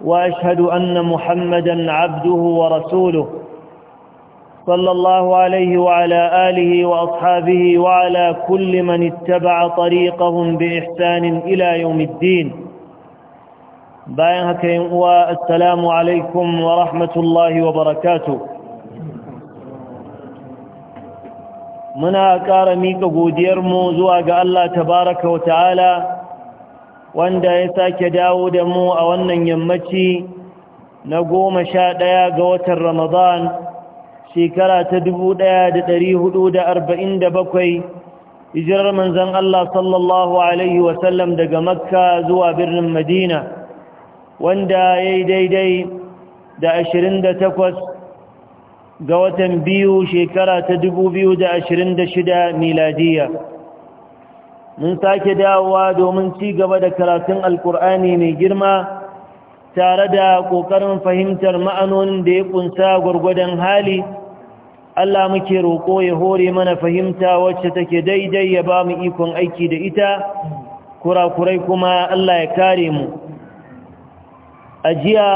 وأشهد أن محمدا عبده ورسوله صلى الله عليه وعلى آله وأصحابه وعلى كل من اتبع طريقهم بإحسان إلى يوم الدين باين السلام عليكم ورحمة الله وبركاته منا كارميك miƙa godiyarmu الله تبارك وتعالى tabaraka wanda ya sake dawo da mu a wannan yammaci na goma sha ɗaya ga watan ramadan shekara ta dubu ɗaya da ɗari hudu da arba'in da bakwai hijirar manzan Allah sallallahu Alaihi wasallam daga makka zuwa birnin madina wanda ya yi daidai da ashirin da takwas ga watan biyu shekara ta dubu biyu da ashirin da shida miladiya mun sake dawowa domin ci gaba da karatun alkur'ani mai girma tare da ƙoƙarin fahimtar ma'anonin da ya ƙunsa gwargwadon hali Allah muke roƙo ya hore mana fahimta wacce take daidai ya ba mu ikon aiki da ita kurakurai kuma Allah ya kare mu a jiya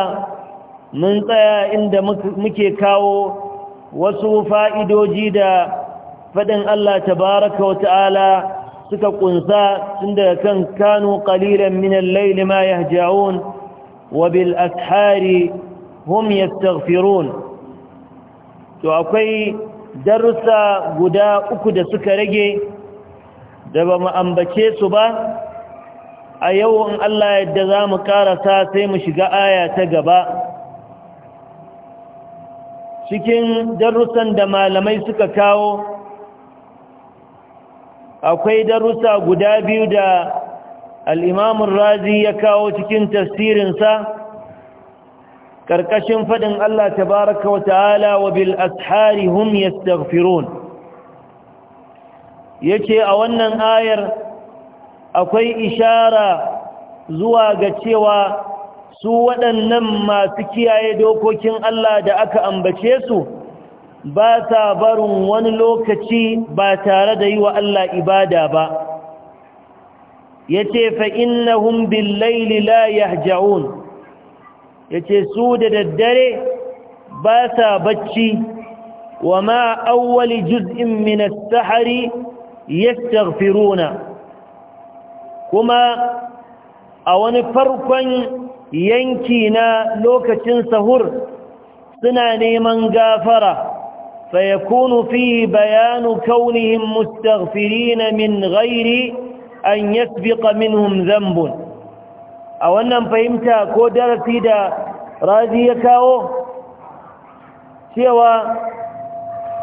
mun tsaya inda muke kawo wasu fa'idoji da faɗin Allah tabaraka wa ta'ala suka kunsa tun daga kan kanu qalilan min al-layli ma yahja'un wa bil ashari hum yastaghfirun to akwai darussa guda uku da suka rage da ba mu ambace su ba a yau in Allah yadda za mu karasa sai mu shiga aya ta gaba cikin darussan da malamai suka kawo akwai darussa guda biyu da al'imamun razi ya kawo cikin tasirinsa, ƙarƙashin faɗin Allah tabaraka wa ta'ala wa bil ashari hum yastaghfirun yace a wannan ayar akwai ishara zuwa ga cewa su waɗannan masu kiyaye dokokin Allah da aka ambace su ba ta barin wani lokaci ba tare da yi wa Allah ibada ba ya ce fa'innahun billaili la yahja'un ya ce su da daddare ba sa bacci wa ma awwali juz'in min as-sahari yastaghfiruna kuma a wani farkon yanki na lokacin sahur suna neman gafara فيكون فيه بيان كونهم مستغفرين من غير أن يسبق منهم ذنب أو أنهم فهمت كودر سيدا راضي يكاو سوى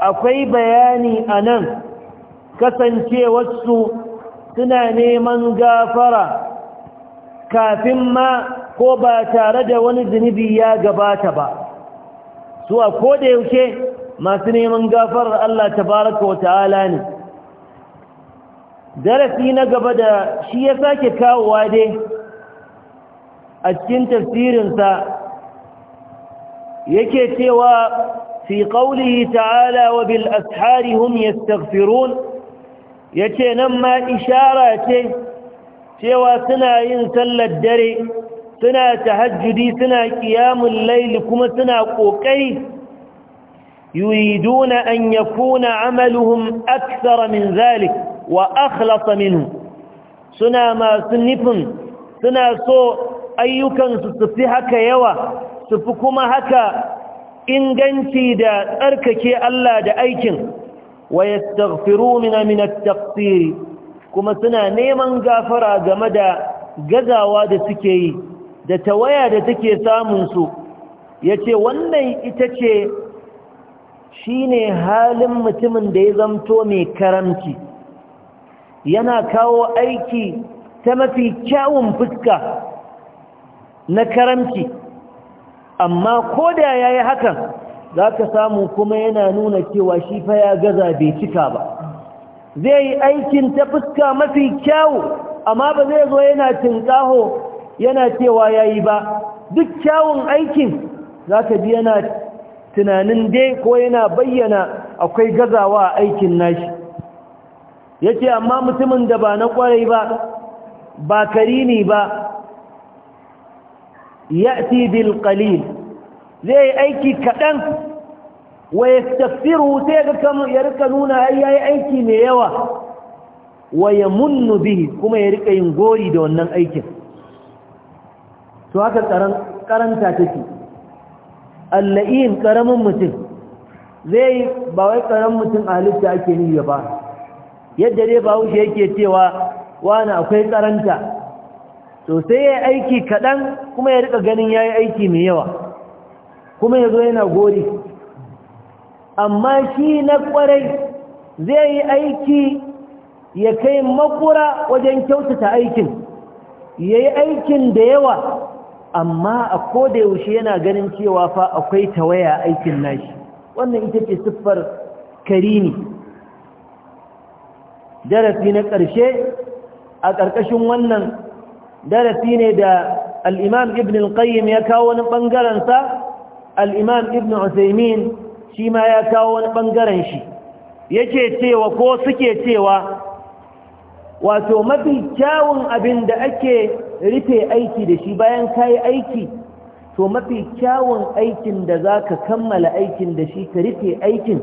أكي بياني أنا كسن وسو سنا نيمن غافرة كافم ما كوبا تارد ونزنبي يا قباتبا سوى كودر سيدا masu neman gafarar Allah tabaraka wa ta'ala ne darasi na gaba da shi ya sake kawowa dai a cikin tafsirinsa yake cewa fi qawlihi ta'ala wa bil ashari hum Ya yace nan ma ishara ce cewa suna yin sallar dare suna tahajjudi suna ƙiyamun laili kuma suna ƙoƙari. يريدون أن يكون عملهم أكثر من ذلك وأخلص منه سنا ما سنف سنا سوء أيكا ستفحك يوى سفكما هكا إن جنتي دا أركك ألا دا أيكن ويستغفرون من التقصير كما سنا نيما غافرا جمدا جزاوا دا سكي دا توايا دا تكي سامنسو يتي ونن إتكي Shi ne halin mutumin da ya zamto mai karamci yana kawo aiki ta mafi kyawun fuska na karamci amma ko da ya yi hakan za ka samu kuma yana nuna cewa shi fa ya gaza bai cika ba zai yi aikin ta fuska mafi kyawu amma ba zai zo yana tinkaho yana cewa ya yi ba duk kyawun aikin za ka biya yana tunanin dai ko yana bayyana akwai gazawa a aikin nashi yace amma mutumin da ba na kwarai ba ba karini ba ya'ti bil qalil zai aiki kadan wa yastaghfiru sai ga kamu ya rika nuna yayi aiki mai yawa wa yamunnu bihi kuma ya rika yin gori da wannan aikin to haka karanta take alla'in karamin mutum zai ba wai karamin mutum a halitta ake niyya ba yadda dai ba wuce yake cewa wani akwai karanta to sai ya aiki kaɗan kuma ya rika ganin ya yi aiki mai yawa kuma ya zo yana gori amma shi na kwarai zai yi aiki ya kai makura wajen kyautata aikin ya yi aikin da yawa amma a koda yaushe yana ganin cewa fa akwai tawaya aikin nashi wannan ita ce siffar karimi darasi na ƙarshe a ƙarƙashin wannan darasi ne da al'imam ibn al-qayyim ya kawo wani ɓangarensa al'imam ibn usaimin shi ma ya kawo wani ɓangaren shi yake cewa ko suke cewa wato mafi kyawun abin da ake rufe aiki da shi bayan ka yi aiki to mafi kyawun aikin da za ka kammala aikin da shi ka rufe aikin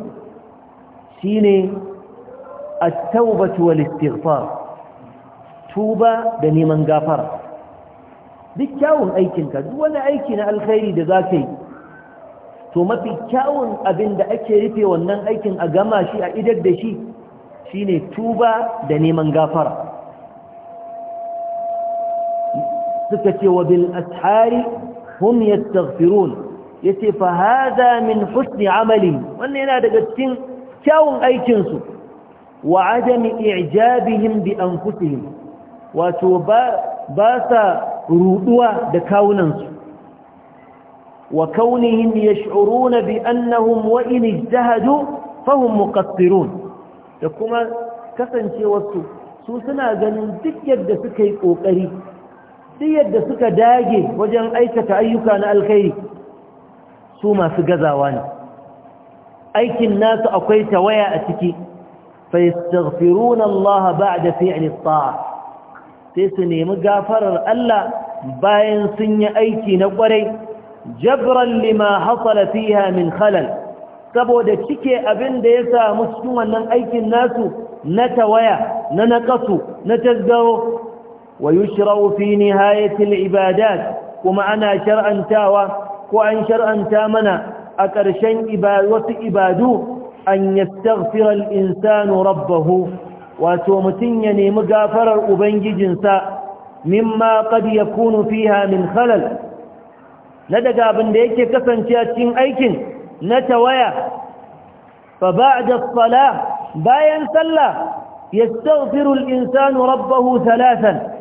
shi ne a taubatu wal tuba da neman gafara duk kyawun aikinka duk wani aiki na alkhairi da za ka yi to mafi kyawun abin da ake rufe wannan aikin a gama shi a idar da shi shine tuba da neman gafara suka ce wa bil ashari hum yastaghfirun yace fa hada min husni amali wannan yana daga cikin kyawun aikin su wa adami i'jabihim bi anfusihim wato ba ba sa ruduwa da kawunan su wa kaunihim yash'uruna bi annahum wa in ijtahadu fahum muqassirun da kuma kasancewarsu su suna ganin duk yadda suka yi kokari duk yadda suka dage wajen aikata ayyuka na alkhairi su masu gazawa ne aikin nasu akwai tawaya a ciki fayastaghfiruna Allah ba'da fi'li ta'a sai su nemi gafarar Allah bayan sun yi aiki na kwarai jabran lima hasala fiha min khalal saboda cike abin da ya samu cikin wannan aikin nasu na tawaya na naqasu na tasgaro ويشرع في نهاية العبادات كما أنا شرعا تاوى وأن شرعا تامنا أكرشن وإبادو أن يستغفر الإنسان ربه وتومتيني يعني مغافر أبنج جنسا مما قد يكون فيها من خلل ندقى بن ديك كفن شاتين أيكن نتويا فبعد الصلاة باين صلى يستغفر الإنسان ربه ثلاثا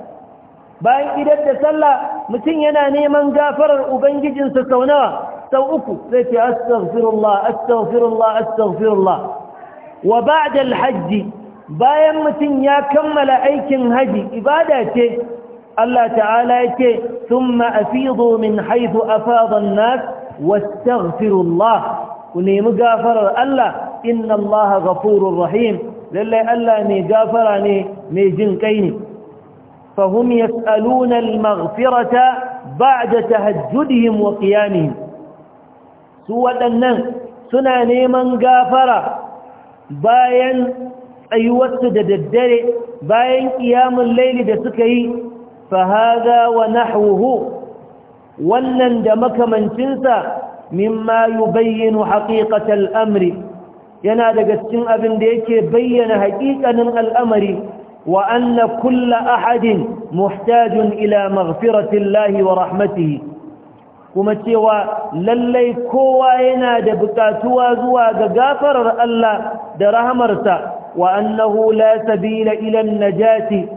bayan idan da sallah mutum yana neman gafarar ubangijinsa sau nawa sau uku zai ce astaghfirullah astaghfirullah astaghfirullah wa ba'da alhajj bayan mutum ya kammala aikin haji ibada ce Allah ta'ala yake thumma afidu min haythu afada an-nas wastaghfirullah ku nemi gafarar Allah inna Allah ghafurur rahim lalle Allah mai gafara ne mai jin kai ne فهم يسألون المغفرة بعد تهجدهم وقيامهم سوى أنه سنة نيمان غافرة باين أيوات دددري باين قيام الليل دسكي فهذا ونحوه wannan da makamancinsa mimma bayyanu haqiqatal amri yana daga cikin abin da yake bayyana haƙiƙanin al'amari وأن كل أحد محتاج إلى مغفرة الله ورحمته kuma cewa lallai kowa yana da bukatuwa zuwa ga gafarar Allah da rahamarsa wa annahu la sabila ila an-najati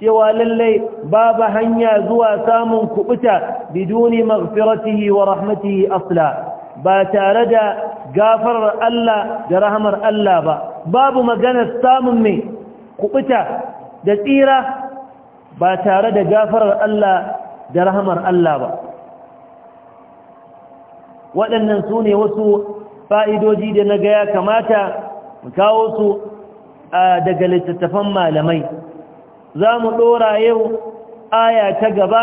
cewa lallai babu hanya zuwa samun kubuta biduni maghfiratihi wa rahmatihi asla ba tare da gafarar Allah da rahmar Allah ba babu maganar samun mai kubuta da tsira ba tare da gafarar Allah da rahamar Allah ba waɗannan su ne wasu fa'idoji da na ga ya kamata mu kawo su daga littattafan malamai za mu ɗora yau aya ta gaba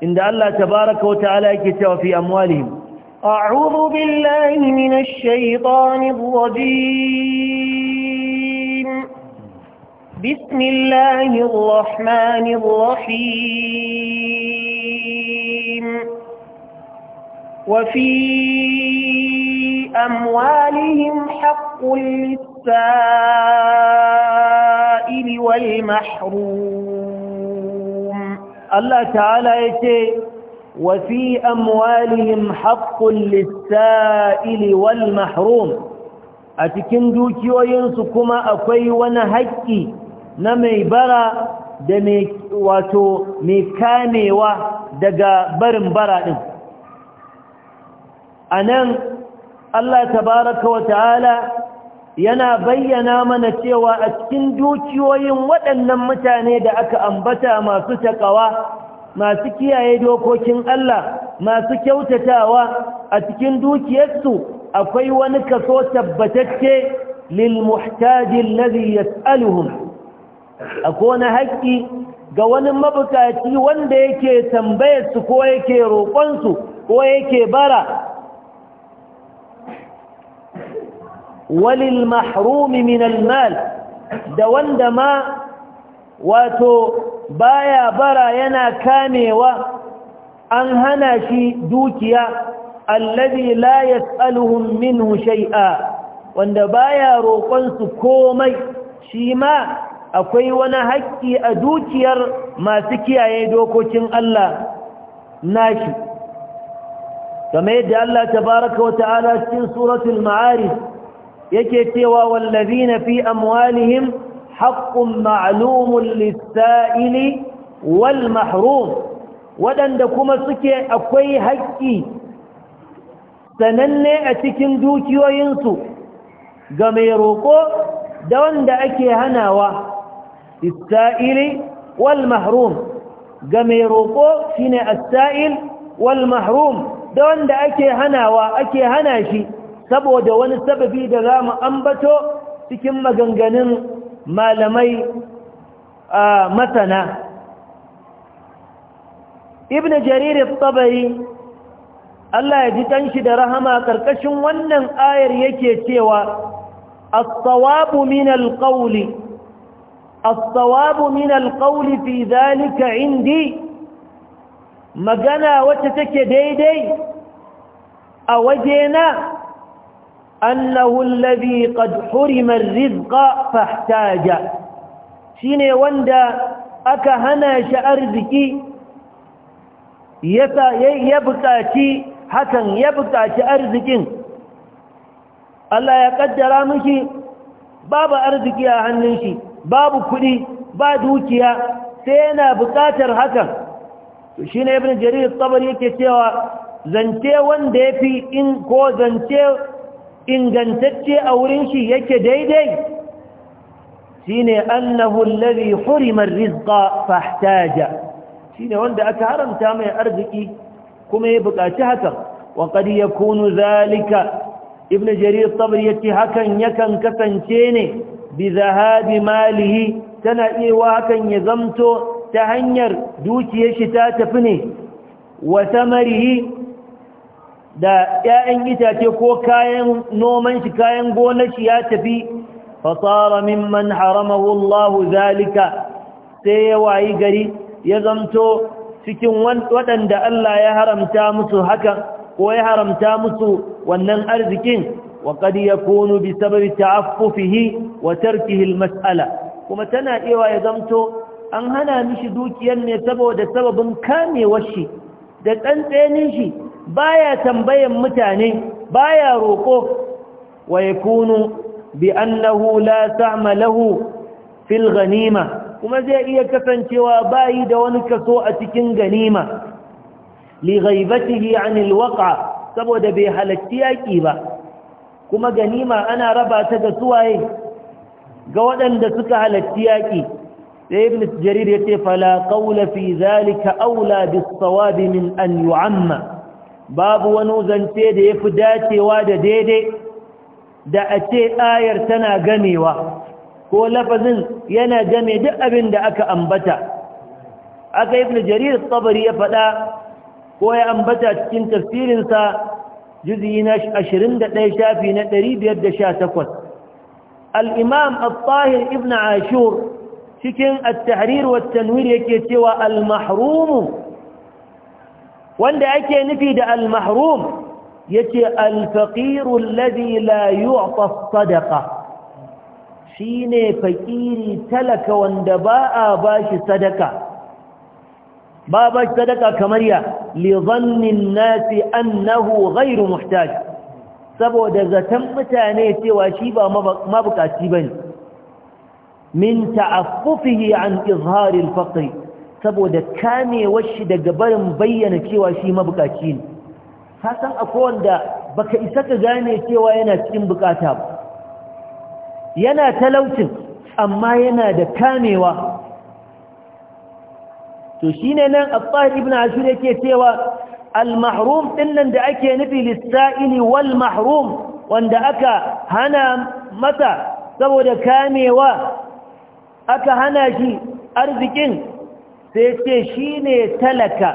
inda Allah tabaraka wa ta'ala yake cewa fi amwalihim أعوذ بالله من الشيطان الرجيم بسم الله الرحمن الرحيم وفي أموالهم حق للسائل والمحروم الله تعالى يتي وفي أموالهم حق للسائل والمحروم أتكندو وينسكما سكما أكوي ونهكي na mai bara da mai wato mai kamewa daga barin bara din anan Allah tabaraka wa ta'ala yana bayyana mana cewa a cikin dukiyoyin waɗannan mutane da aka ambata masu taƙawa, masu kiyaye dokokin Allah masu kyautatawa a cikin dukiyarsu akwai wani kaso tabbatacce lil muhtaji alladhi yas'aluhum akwai haƙƙi ga wani mabukaci wanda yake tambayar su ko yake roƙonsu ko yake bara walil mahrumi min da wanda ma wato baya bara yana kamewa an hana shi dukiya allazi la yas'aluhum minhu shai'a wanda baya roƙonsu komai shi ma akwai wani haƙƙi a dukiyar masu kiyaye dokokin Allah nashi kamar yadda Allah tabaraka wata'ala cikin suratul ma'arif yake cewa wallazina fi amwalihim haƙƙun ma'lumun lis-sa'ili wal mahrum waɗanda kuma suke akwai haƙƙi sananne a cikin dukiyoyinsu ga mai roƙo da wanda ake hanawa السائل والمحروم ga mai roƙo shine as-sa'il wal mahrum da wanda ake hanawa ake hana shi saboda wani sababi da zamu ambato cikin maganganun malamai a masana ibn jarir at-tabari Allah ya ji tanshi da rahama karkashin wannan ayar yake cewa as-sawabu min al-qawli الصواب من القول في ذلك عندي مغنى وتتك ديدي أوجينا أنه الذي قد حرم الرزق فاحتاج شيني وندا أكا هنا شأرزكي يبقاتي حكا يبقاتي أرزكي الله يقدر مشي باب أرزكي أهنشي babu kuɗi ba dukiya sai yana buƙatar hakan to shi ne ibn jarir tsabar yake cewa zance wanda ya fi in ko zance ingantacce a wurin shi yake daidai shi ne annahu alladhi hurima rizqa fahtaja shi ne wanda aka haramta mai arziki kuma ya buƙaci hakan wa qad yakunu zalika ibn jarir yake yace hakan yakan kasance ne bi zahabi malihi tana iya hakan ya zamto ta hanyar dukiyar shi ta tafi ne wa samarihi da ‘ya'yan itace ko kayan noman shi kayan gonar shi ya tafi fasara mimman haramahu Allah zalika sai ya wayi gari ya zamto cikin waɗanda Allah ya haramta musu hakan ko ya haramta musu wannan arzikin وقد يكون بسبب تعففه وتركه Kuma tana iya إيوا يزمتو an hana mishi dukiyar ne saboda sababin kamewar shi da tsantsenin shi baya tambayan mutane baya roko wa yakunu bi annahu la ta'ma lahu fil ganima. kuma zai iya kasancewa bayi da wani kaso a cikin ganima li ghaibatihi 'anil waqa saboda bai halarci yaƙi ba kuma ganima ana raba ta ga suwaye ga waɗanda suka halatti yaƙi sai ibn jarir ya ce fala qawla fi zalika aula bis sawab min an yu'amma babu wani zance da yafi dacewa da daidai da a ce ayar tana gamewa ko lafazin yana game duk abin da aka ambata aka ibn jarir tabari ya faɗa ko ya ambata cikin tafsirinsa juzi na 21 shafi na 518 al-imam al-tahir ibn ashur cikin at-tahrir wa at-tanwir yake cewa al-mahrum wanda ake nufi da al-mahrum yace al-faqir alladhi la shine faqiri talaka wanda ba a bashi sadaka ba sadaka kamar ya li zannin nasi annahu ghairu muhtaj saboda zaton mutane cewa shi ba mabukaci bane min ta'affufihi an izhar al-faqr saboda kamewar shi daga barin bayyana cewa shi mabukaci ne hasan akwai wanda baka isa ka gane cewa yana cikin bukata ba yana talaucin amma yana da kamewa to ne nan Affan ibn Ashur yake cewa al-mahrum dinnan da ake nufi lis-sa'ili wal mahrum wanda aka hana mata saboda kamewa aka hana shi arzikin sai ce shine talaka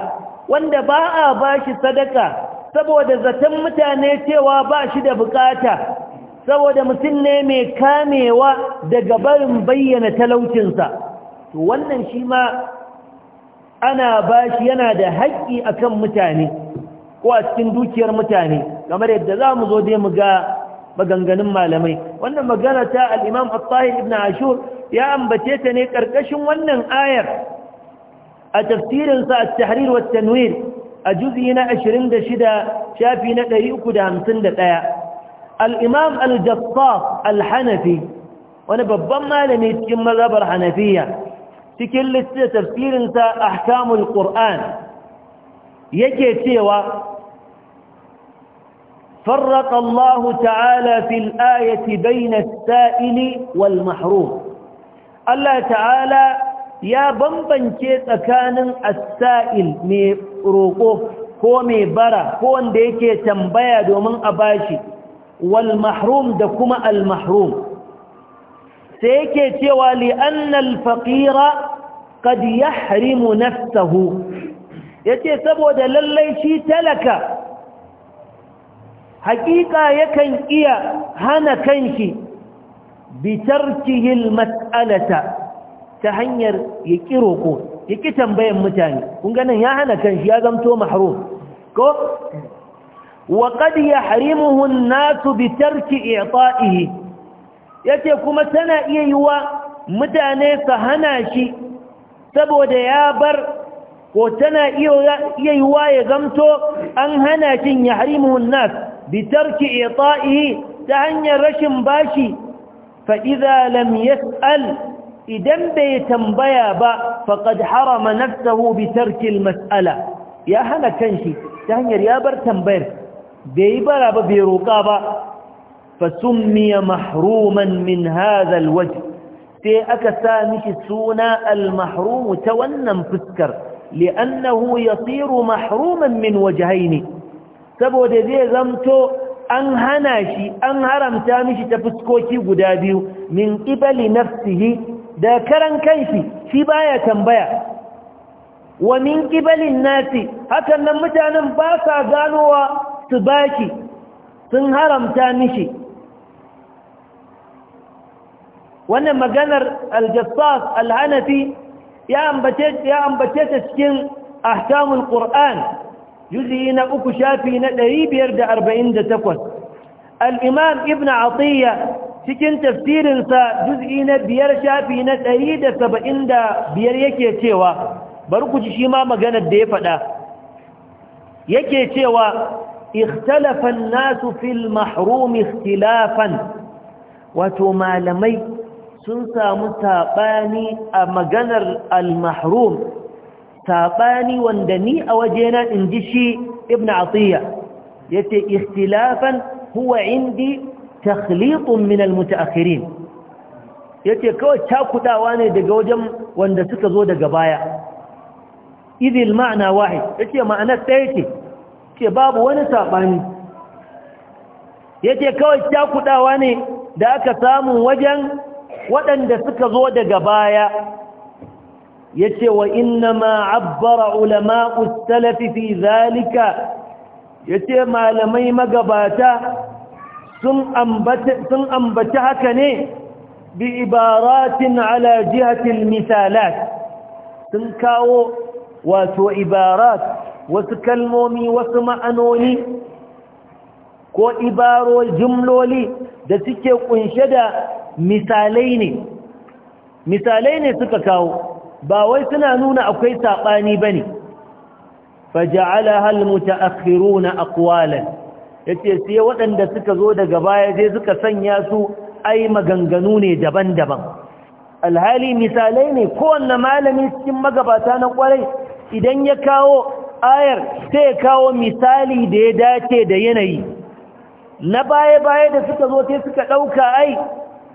wanda ba a bashi sadaka saboda zaton mutane cewa ba shi da bukata saboda mutum ne mai kamewa daga barin bayyana talaucinsa to wannan shi ma ana bashi yana da haƙƙi akan mutane ko a cikin dukiyar mutane kamar yadda za mu zo dai mu ga maganganun malamai wannan magana ta al'imam al-tahir ibn ashur ya ambace ta ne ƙarƙashin wannan ayar a tafsirinsa a tahrir wa tanwir a juzi na 26 shafi na 351 al'imam al-jassas al-hanafi wani babban malami cikin mazabar hanafiya cikin littattafin tafsirinsa ahkamul qur'an yake cewa farraqa Allah ta'ala fil ayati bayna as-sa'ili Allah ta'ala ya bambance tsakanin as-sa'il mai roƙo ko mai bara ko wanda yake tambaya domin a bashi walmahrum da kuma almahrum mahrum sai yake cewa li faƙira. qad yahrimu nafsahu yace saboda lallai shi talaka hakika yakan iya hana kanshi bitarkihi almas'alata ta hanyar yaki roko yaki tambayan mutane kun ganin ya hana kanshi ya zamto mahrum ko wa qad yahrimuhu an-nas bitarki i'ta'ihi yace kuma tana iya yiwa mutane su hana shi saboda ya bar ko tana iya yiwa ya gamto an hana cin ya harimuhun nas bi ita'ihi ta hanyar rashin bashi fa idza lam yas'al idan bai tambaya ba faqad harama nafsahu bi tarki masala ya hana kanshi ta hanyar ya bar tambayar bai bara ba bai roka ba fa summiya mahruman min hadha al sai aka sa mishi suna al-mahrum ta wannan fuskar li'annahu yasiru mahruman min wajhaini saboda zai zamto an hana shi an haramta mishi ta fuskoki guda biyu min qibali nafsihi da karan kanshi shi baya tambaya wa min qibalin nasi hakan nan mutanen ba sa ganowa su baki sun haramta mishi wannan maganar aljassas alhanafi ya ambace ya ambace ta cikin ahkamul qur'an juzi na uku shafi na 548 al-imam ibn atiya cikin tafsirin sa juzi na biyar shafi na 175 yake cewa bari ku ji shi ma maganar da ya fada yake cewa ikhtalafa an-nasu fil mahrum ikhtilafan wato malamai sun samu saɓani a maganar almahrum. saɓani wanda ni a wajena in ji shi ibn atiyya ya ce ikhtilafan huwa indi takhliqun min al-mutaakhirin yace kawai cakudawa ne daga wajen wanda suka zo daga baya idil ma'ana wahid yace ma'ana ɗaya ce ce babu wani sabani yace kawai cakudawa ne da aka samu wajen waɗanda suka zo daga baya yace wa inna ma abbara ulama ustalafi fi zalika yace malamai magabata sun ambata sun ambata haka ne bi ibaratin ala jihati almisalat sun kawo wato ibarat wasu kalmomi wasu ma'anoni ko ibaro jumloli da suke kunshe da misalai ne misalai ne suka kawo ba wai suna nuna akwai saɓani ba ne faja'ala halmuta akhiru na akwalan ya ce sai waɗanda suka zo daga baya sai suka sanya su ai maganganu ne daban-daban alhali misalai ne kowanne malami cikin magabata na kwarai idan ya kawo ayar sai ya kawo misali da ya dace da yanayi na baya-baya da suka zo sai suka ɗauka ai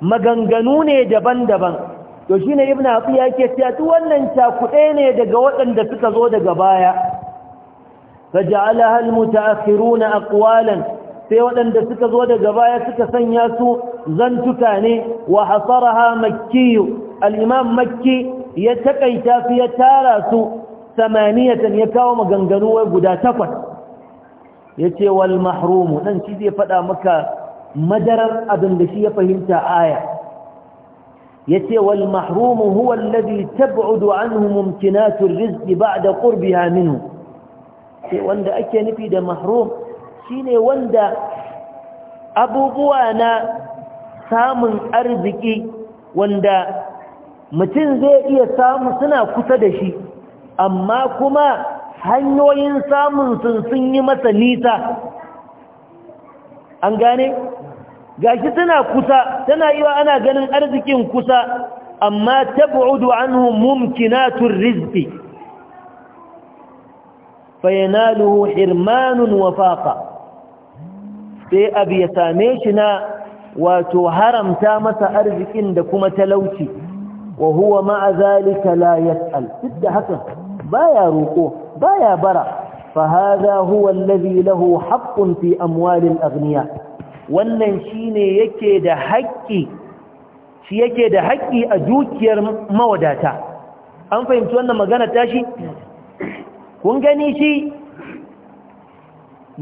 maganganu ne daban-daban to shi ne ibn abu ya ke duk wannan cakuɗe ne daga waɗanda suka zo daga baya faja'alaha almutaakhiruna akwalan sai waɗanda suka zo daga baya suka sanya su zantuka ne wa hasaraha makki al-imam makki ya taƙaita su ya tara su samaniyatan ya kawo maganganu wai guda takwas ce wal mahrumu dan shi zai faɗa maka madarar abin da shi ya fahimta aya yace wal mahrum huwa alladhi tab'udu anhu mumkinatu ar-rizq ba'da qurbiha minhu sai wanda ake nufi da mahrum shine wanda abubuwa na samun arziki wanda mutum zai iya samu suna kusa da shi amma kuma hanyoyin samun sun sun yi masa nisa an gane gashi tana kusa tana iya ana ganin arzikin kusa amma tab'udu anhu mumkinatur rizqi fayanaluhu hirmanun wa faqa sai abu ya same shi na wato haramta masa arzikin da kuma talauci wa huwa ma'a zalika la yas'al duk da haka baya roko baya bara فهذا هو الذي له حق في أموال الأغنياء wannan shine yake da haƙƙi shi yake da haƙƙi a dukiyar mawadata an fahimci wannan magana tashi kun gani shi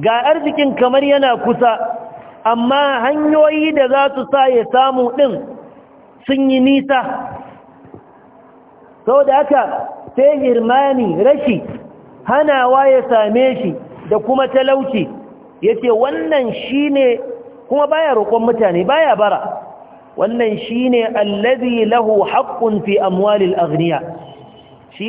ga arzikin kamar yana kusa amma hanyoyi da za su sa ya samu ɗin sun yi nisa sau da haka sai hirmani rashi hanawa ya same shi da kuma talauci yace wannan ne kuma baya roƙon mutane baya bara wannan shine allazi lahu haƙƙun fi amwalil shi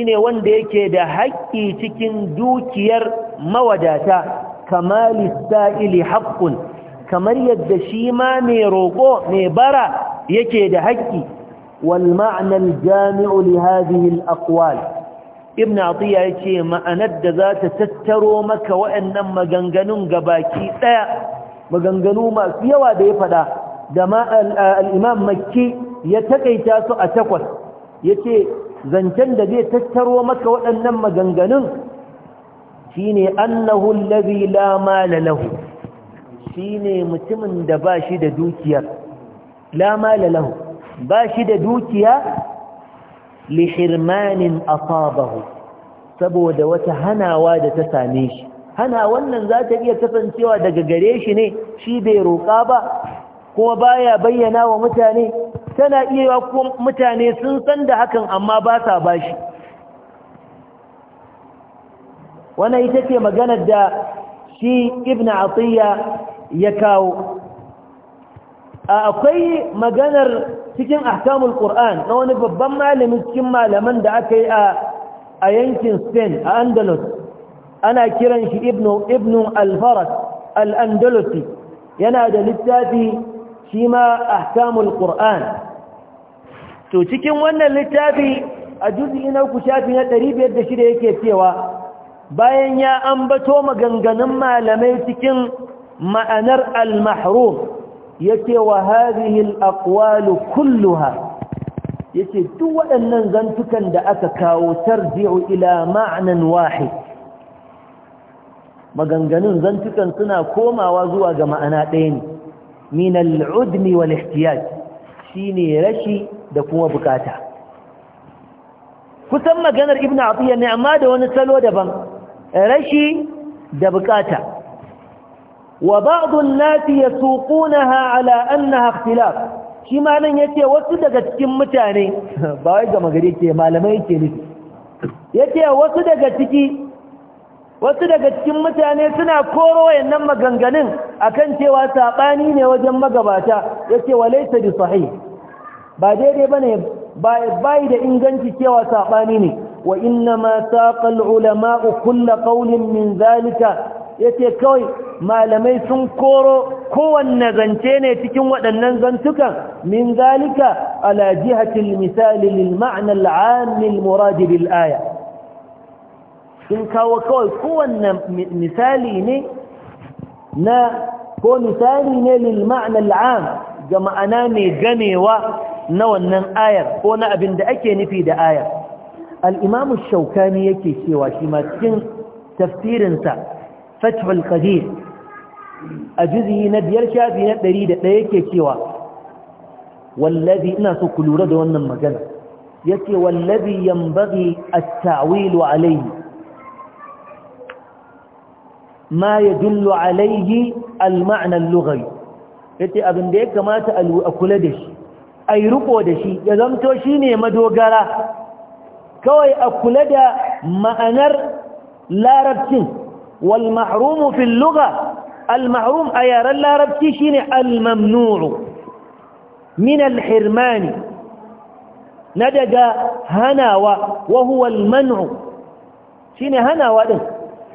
shine wanda yake da haƙƙi cikin dukiyar mawadata kamali sa'ili haƙƙun kamar yadda shi ma mai roƙo mai bara yake da haƙƙi wal ma'na al jami'u li hadhihi al aqwal ibn atiya ya ce ma'anar da za ta tattaro maka waɗannan maganganun gabaki ɗaya maganganu masu yawa da ya faɗa da ma imam makki ya taƙaita su a takwas ya ce zancen da zai tattaro maka waɗannan maganganun shi ne annahu lazi la mala lahu shi ne mutumin da ba shi da dukiyar la mala lahu ba shi da dukiya li hirmanin asabahu saboda wata hanawa da ta same shi hana wannan za ta iya kasancewa daga gare shi ne shi bai roƙa ba kuma baya bayyana wa mutane tana iya yawa kuma mutane sun san da hakan amma ba sa bashi wannan ita ce maganar da shi ibn atiyya ya kawo akwai maganar cikin ahkamul qur'an na wani babban malami cikin malaman da aka yi a yankin spain a andalus ana kiran shi ibnu ibnu al-faras al-andalusi yana da littafi shi ma ahkamul qur'an to cikin wannan littafi a juz'i na uku shafi na 506 yake cewa bayan ya ambato maganganun malamai cikin ma'anar al-mahrum yace wa hadhihi al-aqwal kulluha yace duk waɗannan zantukan da aka kawo tarji'u ila ma'nan wahid maganganun zantukan suna komawa zuwa ga ma'ana ɗaya ne min al-udmi wal ihtiyaj shine rashi da kuma bukata kusan maganar ibnu atiyya ne amma da wani salo daban rashi da bukata وبعض الناس يسوقونها على أنها اختلاف shi malam yace wasu daga cikin mutane ba wai gama gari ke malamai ke ne yace wasu daga ciki wasu daga cikin mutane suna koro wayannan maganganun akan cewa sabani ne wajen magabata yace walaysa bi sahih ba daidai bane ba bai da inganci cewa sabani ne wa inna ma saqa al ulama kull qawlin min zalika ya ce kawai malamai sun koro kowanne zance ne cikin waɗannan zantukan min zalika ala jihatil misali lil ma'anar al'amil muradi aya sun kawo kawai kowanne misali ne na ko misali ne lil ma'anar al'am ga ma'ana mai gamewa na wannan ayar ko na abin da ake nufi da ayar al'imamu shaukani yake cewa shi ma cikin tafsirinsa fathul qadir a juzi na biyar shafi na ɗari da ɗaya ke cewa wallazi ina so ku lura da wannan magana ya yace wallazi yanbaghi a tawil alayhi ma yadullu alayhi al-ma'na al ya ce abin da ya kamata a kula da shi ai riko da shi ya shi ne madogara kawai a kula da ma'anar larabcin والمحروم في اللغة المحروم أيار الله ربتشين الممنوع من الحرمان ندد هنا وهو المنع شين هنا وده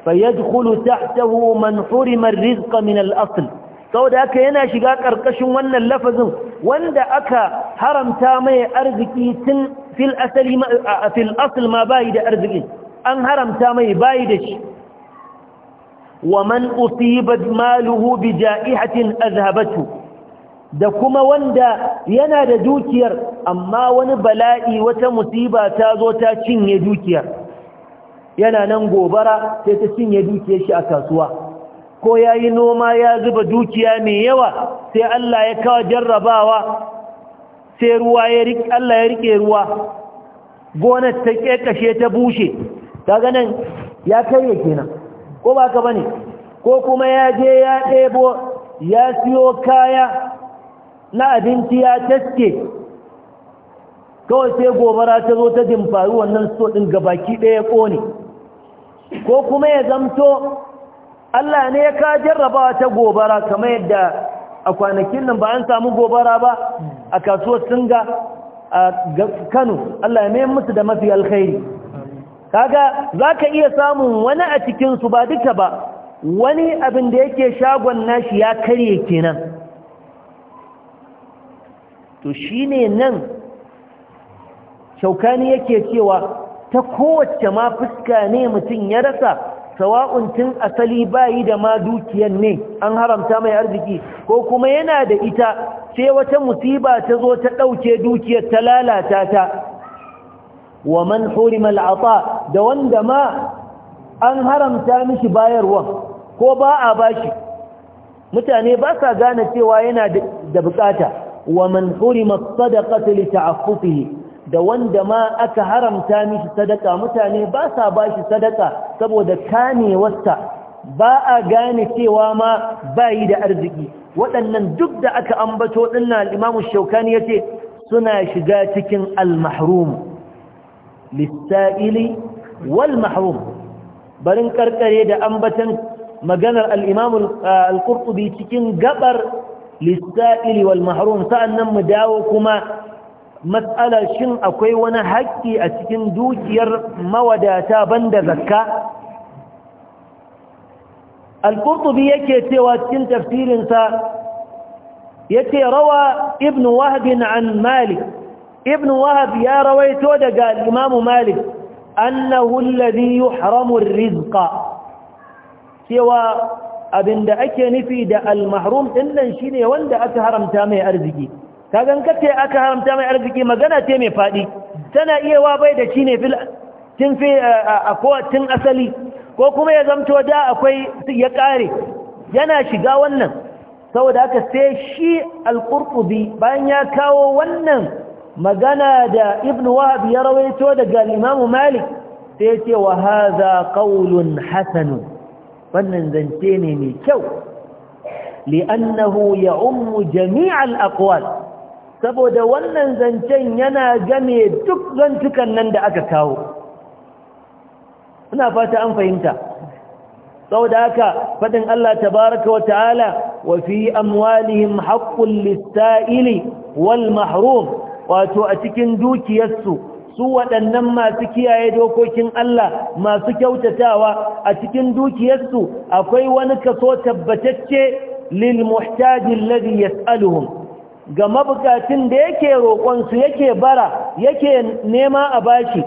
فيدخل تحته من حرم الرزق من الأصل سودا كينا شقاك أركش وانا اللفظ وانا أكا حرم تامي أرزكي في الأصل في الأصل ما بايد أرزكي أن حرم تامي بايدش ومن أصيبت ماله بجائحة أذهبته da kuma wanda yana da dukiyar amma wani bala'i wata musiba ta zo ta cinye dukiyar yana nan gobara sai ta cinye dukiyar shi a kasuwa ko ya yi noma ya zuba dukiya mai yawa sai Allah ya kawo jarrabawa sai ruwa ya rike Allah ya rike ruwa gonar ta kekashe ta bushe kaga nan ya karya kenan ko ba ka bane ko kuma ya je ya ɗebo ya siyo kaya na abinci ya taske kawai sai gobara ta zo ta dimfari wannan so ɗin gabaki ɗaya ƙone ko kuma ya zamto Allah ne ya ka jarrabawa ta gobara kamar yadda a kwanakin nan ba an samu gobara ba a kasuwar singa a kano Allah ya mayan musu da mafi alkhairi kaga zaka iya samun wani a cikin su ba duka ba wani abin da yake shagon nashi ya karye kenan to shine nan shaukani yake cewa ta kowace ma fuska ne mutum ya rasa sawa'un tun asali bayi da ma dukiyan ne an haramta mai arziki ko kuma yana da ita sai wata musiba ta zo ta ɗauke dukiyar ta lalata ta wa man hurima al'ata da wanda ma an haramta mishi bayarwa ko ba a bashi mutane ba sa gane cewa yana da bukata wa man hurima sadaqata li ta'affufihi da wanda ma aka haramta mishi sadaka mutane ba sa bashi sadaka saboda kanewarsa ba a gane cewa ma bayi da arziki waɗannan duk da aka ambato dinna al-Imam yace suna shiga cikin al-mahrum lissa'ili wal mahrum barin karkare da ambatan maganar al-imam cikin gabar lissa'ili wal mahrum sa'annan mu dawo kuma matsala shin akwai wani haƙƙi a cikin dukiyar mawadata banda zakka al yake cewa cikin tafsirinsa yace rawa ibn wahb an malik ibn wahab ya rawaito daga imam malik annahu alladhi yuhramu ar-rizqa cewa abinda ake nufi da al-mahrum din nan shine wanda aka haramta mai arziki kagan kace aka haramta mai arziki magana ce mai fadi tana iya wa bai da shine fil tun fi asali ko kuma ya zamto da akwai ya kare yana shiga wannan saboda haka sai shi al-qurtubi bayan ya kawo wannan magana da ibn wahab ya rawaito daga imamu malik sai ce wa hadha qawlun hasan wannan zance ne mai kyau li'annahu ya'ummu jami'al aqwal saboda wannan zancen yana game duk zantukan nan da aka kawo ina fata an fahimta saboda haka fadin Allah tabaaraka wa ta'ala wa fi amwalihim haqqul lis-sa'ili wal mahrum wato a cikin dukiyarsu su waɗannan masu kiyaye dokokin Allah masu kyautatawa a cikin dukiyarsu akwai wani kaso tabbatacce lil muhtaji alladhi yas'aluhum ga mabukatin da yake roƙon su yake bara yake nema a bashi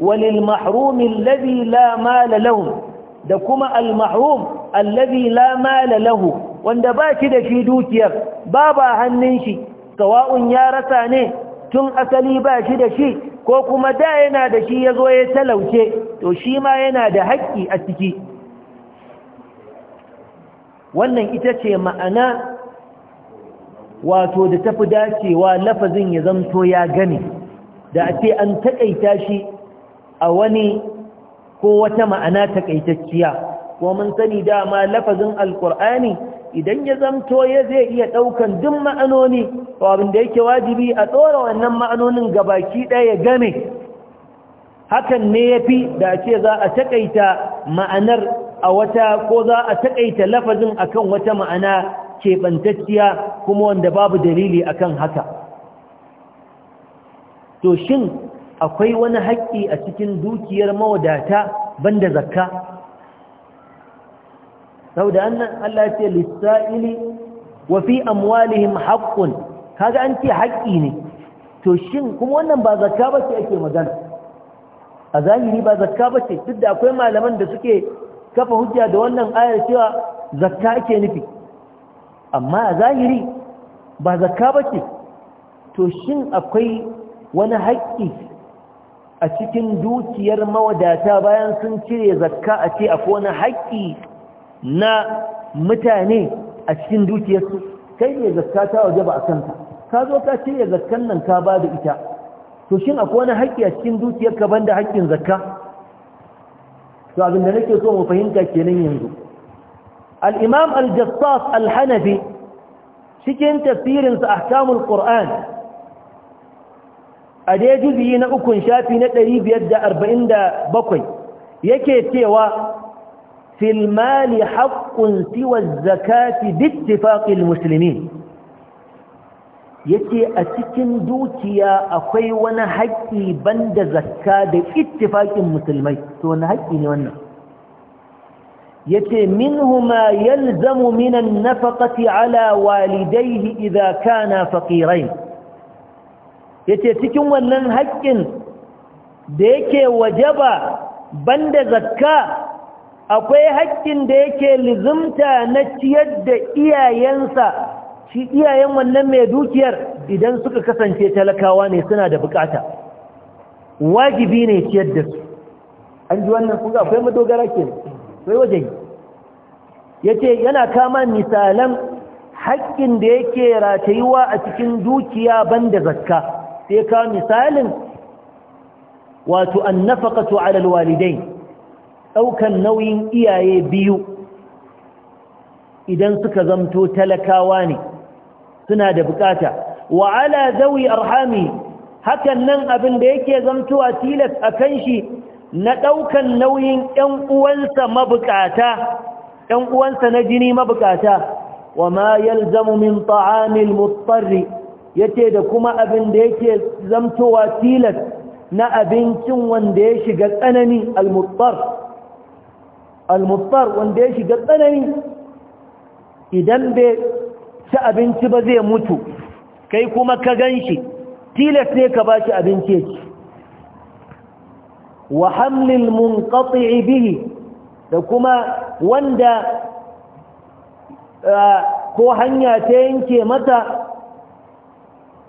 walil mahrumi alladhi la mala lahu da kuma al mahrum alladhi la mala lahu wanda ba shi da shi dukiyar ba ba hannun shi sawa'un ya rasa ne tun asali ba shi da shi ko kuma da yana da shi ya zo ya talauce to shi ma yana da haƙƙi a ciki wannan ita ce ma'ana wato da tafi dacewa lafazin ya zanto ya gane da a ce an taƙaita shi a wani ko wata ma'ana taƙaitacciya ko mun sani dama lafazin alƙur'ani idan ya zamto ya zai iya ɗaukan duk ma'anoni to abin da yake wajibi a tsora wannan ma'anonin gabaki ɗaya game hakan ne ya fi da ce za a taƙaita ma'anar a wata ko za a taƙaita lafazin akan wata ma'ana keɓantacciya kuma wanda babu dalili akan haka to shin akwai wani haƙƙi a cikin dukiyar mawadata banda zakka saboda annan Allah ya ce lisa'ili wa fi amwalihim haqqun kaga an ce haƙƙi ne to shin kuma wannan ba zakka bace ake magana a zahiri ba zakka bace duk da akwai malaman da suke kafa hujja da wannan ayar cewa zakka ake nufi amma a zahiri ba zakka bace to shin akwai wani haƙƙi a cikin dukiyar mawadata bayan sun cire zakka a ce akwai wani haƙƙi na mutane a cikin dukiyarsu kai ne zakka ta waje ba a kanta ka zo ka cire zakkan nan ka ba da ita to shin akwai wani haƙƙi a cikin dukiyarka banda haƙƙin zakka to abin da nake so mu fahimta kenan yanzu al-imam al-jassas al-hanafi cikin tafsirin sa ahkamul qur'an a dai juzuyi na ukun shafi na 547 yake cewa في haƙƙun حق سوى الزكاة باتفاق المسلمين yace a cikin dukiya akwai wani haƙƙi banda zakka da ittifaƙin musulmai to wani haƙƙi ne wannan yace minhuma yalzamu minan nafaqati ala walidayhi idza na faƙirai yace cikin wannan haƙƙin da yake wajaba banda zakka akwai haƙƙin da yake lizumta na ciyar da iyayensa shi iyayen wannan mai dukiyar idan suka kasance talakawa ne suna da bukata wajibi ne ciyar da su an ji wannan kunga akwai madogara ke sai waje ya ce yana kama misalan haƙƙin da yake ratayuwa a cikin dukiya banda zakka sai ka misalin wato an nafaƙatu alal walidai ɗaukan nauyin iyaye biyu idan suka zamto talakawa ne suna da bukata wa ala zawi arhami hakan nan abin da yake a tilas a kan shi na ɗaukan nauyin ‘yan uwansa mabukata ‘yan uwansa na jini mabukata wa ma yalzamu min ta'amil mutsarri yace da kuma abin da yake zamtowa tilas na abincin wanda ya shiga tsanani al-mutsar al wanda ya shiga tsanani idan bai ci abinci ba zai mutu kai kuma ka ganshi tilas ne ka bashi abinci ya ci wa hamlil bihi da kuma wanda ah, ko hanya ta yanke mata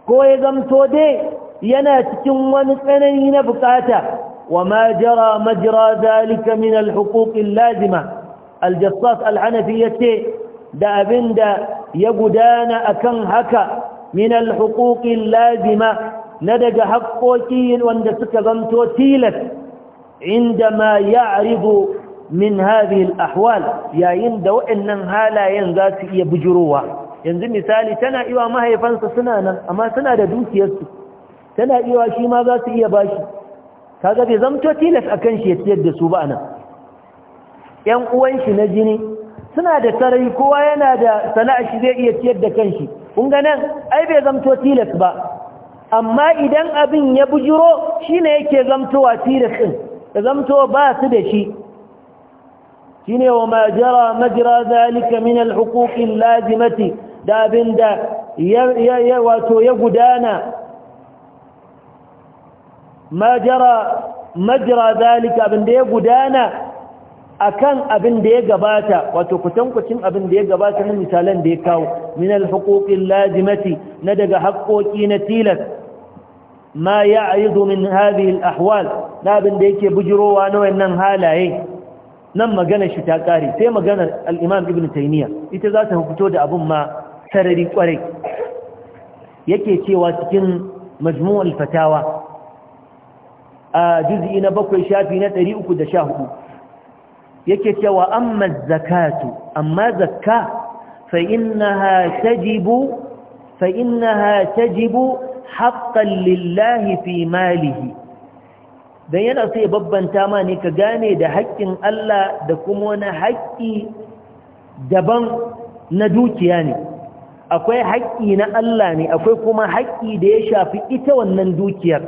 ko ya zamto dai yana cikin wani tsanani na bukata وما جرى مجرى ذلك من الحقوق اللازمة الجصاص الحنفي دا بند يقدان أكن هكا من الحقوق اللازمة ندج حقوكي واندسك ظنتو تيلت عندما يعرض من هذه الأحوال يا يند وإن هالا ينزات يبجروا ينزل مثالي تنا إيوا ما هي فانس سنانا أما سنانا دوسي يسو تنا إيوا شي ما ذات إيا باشي kaga bai zamto tilas akan shi ya ciyar da su ba nan yan uwanshi na jini suna da sarari kowa yana da sana'a shi zai iya ciyar da kanshi kun ga nan ai bai zamto tilas ba amma idan abin ya bujiro shine yake zamtowa tilas din ya zamto ba su da shi shine wa ma jara majra zalika min al-huquq al-lazimati da abinda ya wato ya gudana ma jara abin da ya gudana akan abin da ya gabata wato kutankucin abin da ya gabata na misalan da ya kawo min alhuquqil lazimati na daga haƙoƙi na tilas ma ya'ridu min hadhihi alahwal na abin da yake bujirowa na wannan halaye nan magana shi ta kare sai magana al-imam ibn taymiya ita za ta fito da abin ma sarari kwarai yake cewa cikin majmu'ul fatawa a juz'i na bakwai shafi na hudu. yake cewa amma zakatu amma zakka fa innaha tajibu fa innaha lillahi fi malihi dan yana sai babbanta ma ne ka gane da haƙƙin Allah da kuma wani haƙƙi daban na dukiya ne akwai haƙƙi na Allah ne akwai kuma haƙƙi da ya shafi ita wannan dukiyar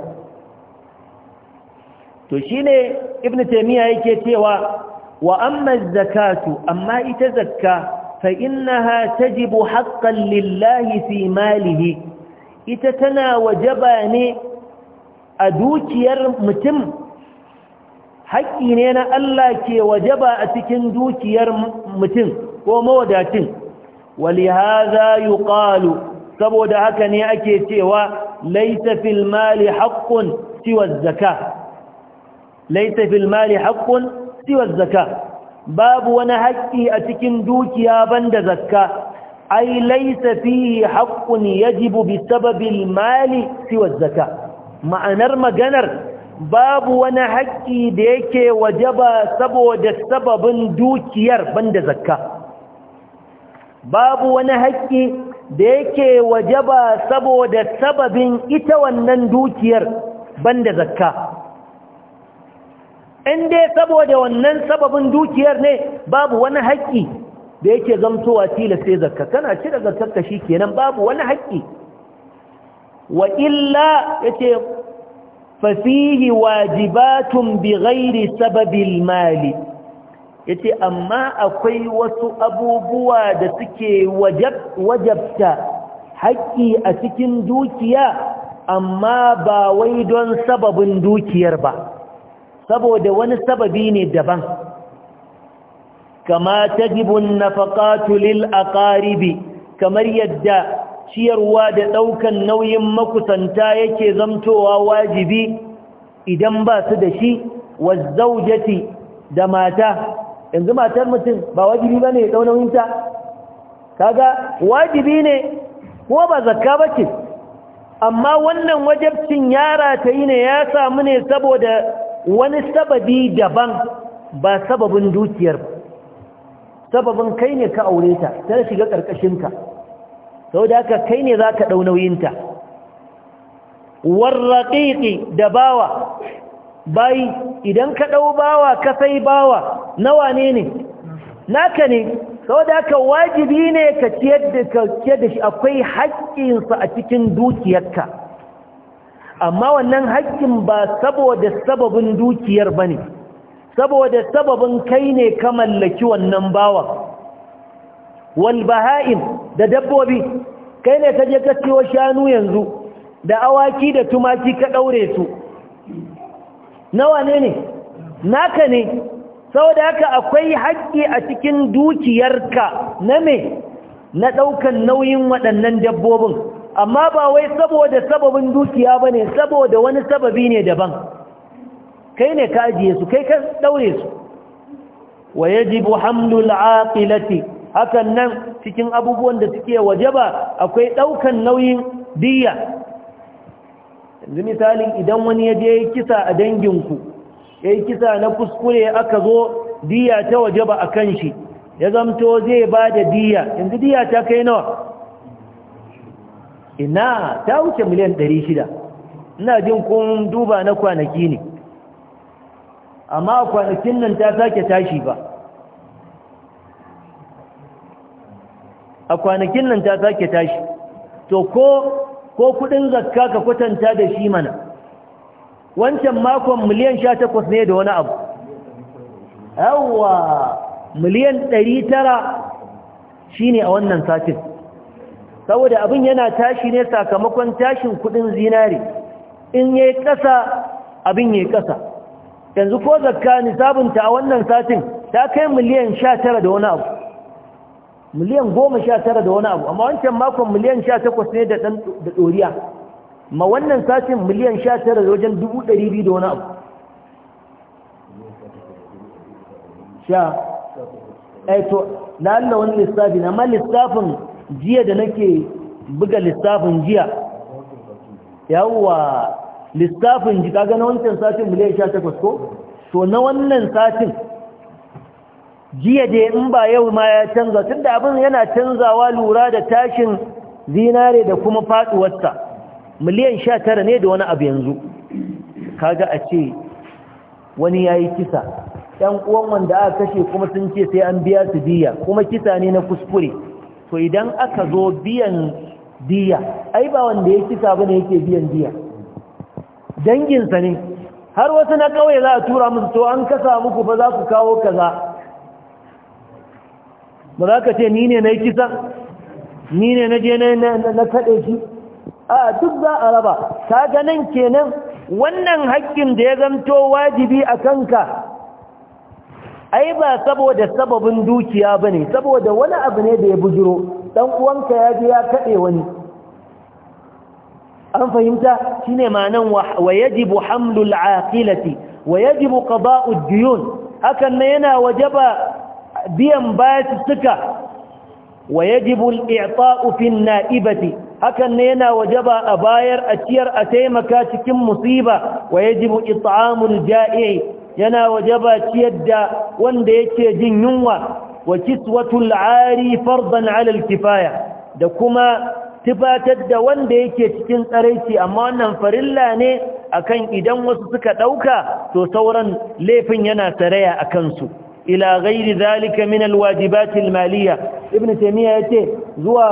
to shine ibnu taymiya yake cewa wa amma zakatu amma ita zakka fa innaha tajibu haqqan lillahi fi malihi ita tana wajaba ne a dukiyar mutum haƙƙi ne na Allah ke wajaba a cikin dukiyar mutum ko mawadatin ولهذا يقال saboda haka ne ake cewa laysa fil mali haqqun siwa zakah laisa fil mali haqqun siwa zakka babu wani haƙƙi a cikin dukiya banda zaka ai laisa fihi haqqun yajibu bi sababi mali siwa zakka ma'anar maganar babu wani haƙƙi da yake wajaba saboda sababin dukiyar banda babu wani haƙƙi da yake wajaba saboda sababin ita wannan dukiyar banda zakka in dai saboda wannan sababin dukiyar ne babu wani haƙƙi da yake zamtowa tilas sai zakka kana cire zakkarka shi kenan babu wani haƙƙi wa illa yace ففيه واجبات بغير سبب المال yace amma akwai wasu abubuwa da suke wajabta haƙƙi a cikin dukiya amma ba wai don sababin dukiyar ba saboda wani sababi ne daban kama tajibun nafaqatu lil aqaribi kamar yadda ciyarwa da daukan nauyin makusanta yake zamtowa wajibi idan ba su da shi wazzaujati da mata yanzu matar mutum ba wajibi bane ya dau nauyinta kaga wajibi ne ko ba zakka bace amma wannan wajabcin yara ta yi ne ya samu ne saboda wani sababi daban ba sababin dukiyar ba sababin kai ne ka aure ta ta shiga ƙarƙashinka sau da haka kai ne za ka ɗau nauyinta warraƙiƙi da bawa bayi idan ka ɗau bawa ka sai bawa nawa ne ne naka ne sau da haka wajibi ne ka ciyar da shi akwai haƙƙinsa a cikin dukiyarka amma wannan haƙƙin ba saboda sababin dukiyar ba ne saboda sababin kai ne ka mallaki wannan bawa walbaha'in da dabbobi kai ne ka je ka siyo shanu yanzu da awaki da tumaki ka ɗaure su nawa ne ne naka ne saboda haka akwai haƙƙi a cikin dukiyarka na me na ɗaukan nauyin waɗannan dabbobin amma ba wai saboda sababin dukiya ba ne saboda wani sababi ne daban kai ne ka ajiye su kai ka ɗaure su wa yajibu hamlul aqilati hakan nan cikin abubuwan da suke wajaba akwai ɗaukan nauyin diyya yanzu misalin idan wani ya je kisa a danginku ya yi kisa na kuskure aka zo diya ta wajaba a kan shi ya zamto zai ba da diya yanzu diya ta kai nawa ina ta wuce miliyan 600 ina jin kun duba na kwanaki ne amma kwanakin nan ta sake tashi ba a kwanakin nan ta sake tashi to ko ko kudin zakka ka kwatanta da shi mana wancan makon miliyan 18 ne da wani abu yawwa miliyan 900 shine a wannan satin saboda abin yana tashi ne sakamakon tashin kudin zinari in yayi kasa abin yayi kasa yanzu ko zakka nisabinta a wannan satin ta kai miliyan 19 da wani abu miliyan 19 da wani abu amma wancan makon miliyan 18 ne da dan da doriya ma wannan satin miliyan 19 da wajen 200 da wani abu sha aito eh, to lalla wani lissafi na ma lissafin jiya da nake buga lissafin jiya yawwa lissafin ji kaga na wancan satin miliyan takwas ko to na wannan satin jiya da in ba yau ma ya canza da abin yana canzawa lura da tashin zinare da kuma faduwarsa miliyan sha tara ne da wani abu yanzu kaga a ce wani ya yi kisa ɗan uwan wanda aka kashe kuma sun ce sai an biya su diya kuma kisa ne na kuskure to idan aka zo biyan diya ai ba wanda ya kisa bane yake biyan diya danginsa ne har wasu na kawai za a tura musu to an kasa muku ba za ku kawo kaza ba za ka ce ni ne na kisa ni ne na je na kaɗe shi a duk za a raba ta ganin kenan wannan haƙƙin da ya zamto wajibi a kanka ai ba saboda sababin dukiya bane saboda wani abu ne da ya bujiro dan uwanka ya je ya kade wani an fahimta shine manan wa yajibu hamlul aqilati wa yajibu qada'u diyun hakan ne yana wajaba biyan bayan suka wa yajibu al-i'ta'u fi an-na'ibati hakan ne yana wajaba a bayar a ciyar a taimaka cikin musiba wa yajibu it'amul ja'i yana wajaba ciyar da wanda yake jin yunwa wa kiswatul ari fardan ala al-kifaya da kuma tifatar da wanda yake cikin tsaraici amma wannan farilla ne akan idan wasu suka dauka to sauran laifin yana saraya akan su ila ghairi zalika min al-wajibat ibnu maliya ibn taymiya yace zuwa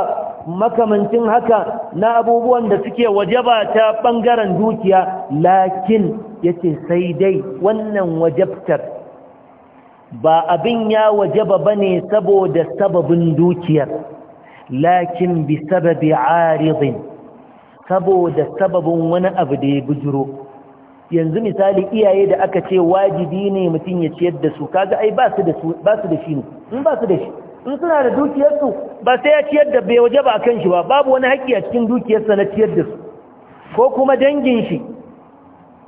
makamancin haka na abubuwan da suke wajaba ta ɓangaren dukiya lakin yace sai dai wannan wajabtar ba abin ya wajaba bane ne saboda sababin dukiyar lakin bi sababi aridin saboda sababin wani abu da ya bujiro yanzu misali iyaye da aka ce wajibi ne mutum ya ciyar da su kaga ai ba su da shi ne in ba su da shi in suna da dukiyarsu ba sai ya ciyar da bai waje ba a kan shi ba babu wani haƙƙi a cikin dukiyarsa na ciyar da su ko kuma dangin shi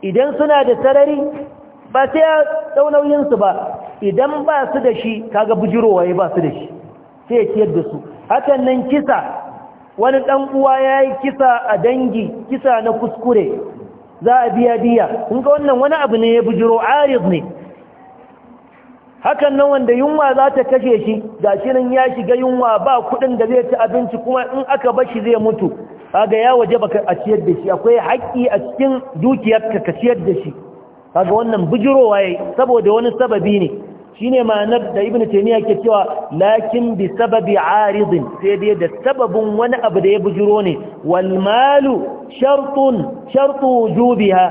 idan suna da sarari ba sai ya daunauyinsu ba idan ba su da shi kaga bujirowa ya ba su da shi sai ya ciyar da su hakan nan kisa wani ɗan uwa ya yi kisa a dangi kisa na kuskure za a biya biya in ga wannan wani abu ne ya bujiro ariz ne hakan nan wanda yunwa za ta kashe shi ga shi nan ya shiga yunwa ba kuɗin da zai ci abinci kuma in aka bar shi zai mutu kaga ya waje baka a ciyar da shi akwai haƙƙi a cikin dukiyarka ka ciyar da shi kaga wannan bujirowa yayi saboda wani sababi ne shine ma'anar da ibnu taymiya ke cewa lakin bi sababi aridin sai dai da sababin wani abu da ya bujiro ne wal malu shartun shartu wujubiha